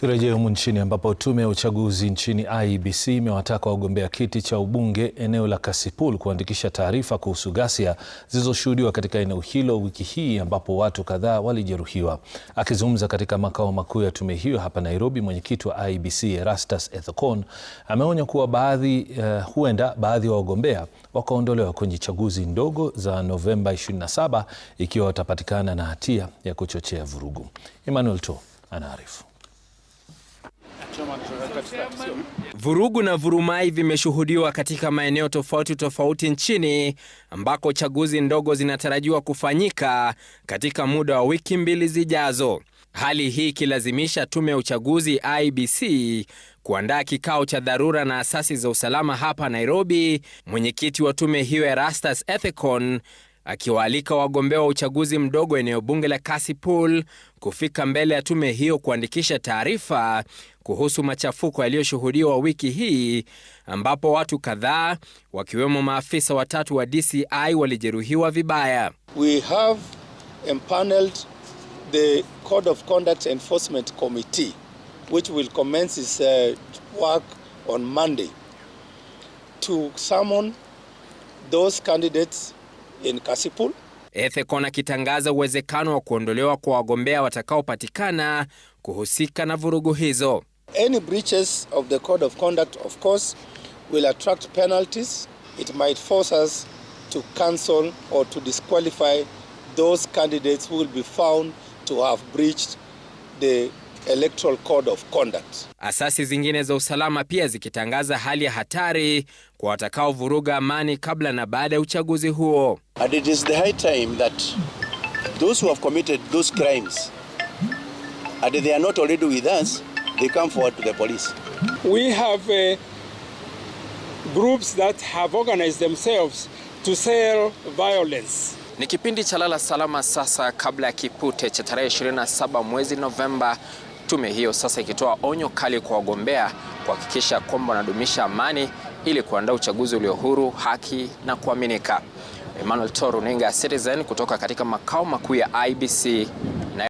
Turejee humu nchini ambapo tume ya uchaguzi nchini IEBC imewataka wagombea kiti cha ubunge eneo la Kasipul kuandikisha taarifa kuhusu ghasia zilizoshuhudiwa katika eneo hilo wiki hii ambapo watu kadhaa walijeruhiwa. Akizungumza katika makao makuu ya tume hiyo hapa Nairobi, mwenyekiti wa IEBC Erastus Ethekon ameonya kuwa baadhi, uh, huenda baadhi ya wa wagombea wakaondolewa kwenye chaguzi ndogo za Novemba 27 ikiwa watapatikana na hatia ya kuchochea vurugu. Emmanuel To anaarifu. Vurugu na vurumai vimeshuhudiwa katika maeneo tofauti tofauti nchini ambako chaguzi ndogo zinatarajiwa kufanyika katika muda wa wiki mbili zijazo. Hali hii ikilazimisha tume ya uchaguzi IBC kuandaa kikao cha dharura na asasi za usalama hapa Nairobi. Mwenyekiti wa tume hiyo Erastus Ethekon akiwaalika wagombea wa uchaguzi mdogo eneo bunge la Kasipul kufika mbele ya tume hiyo kuandikisha taarifa kuhusu machafuko yaliyoshuhudiwa wiki hii ambapo watu kadhaa wakiwemo maafisa watatu wa DCI walijeruhiwa vibaya. We have empaneled the Code of Conduct Enforcement Committee which will commence its uh, work on Monday to summon those candidates in Kasipul. Ethekon akitangaza uwezekano wa kuondolewa kwa wagombea watakaopatikana kuhusika na vurugu hizo. Any breaches of the code of conduct of course will attract penalties. It might force us to cancel or to disqualify those candidates who will be found to have breached the Electoral Code of Conduct. Asasi zingine za usalama pia zikitangaza hali ya hatari kwa watakaovuruga amani kabla na baada ya uchaguzi huo. And it is the high time that those who have committed those crimes and they are not already with us, they come forward to the police. We have uh, groups that have organized themselves to sell violence. Ni kipindi cha lala salama sasa kabla ya kipute cha tarehe 27 mwezi Novemba Tume hiyo sasa ikitoa onyo kali kwa wagombea kuhakikisha kwamba wanadumisha amani ili kuandaa uchaguzi ulio huru, haki na kuaminika. Emmanuel Toro, runinga ya Citizen kutoka katika makao makuu ya IBC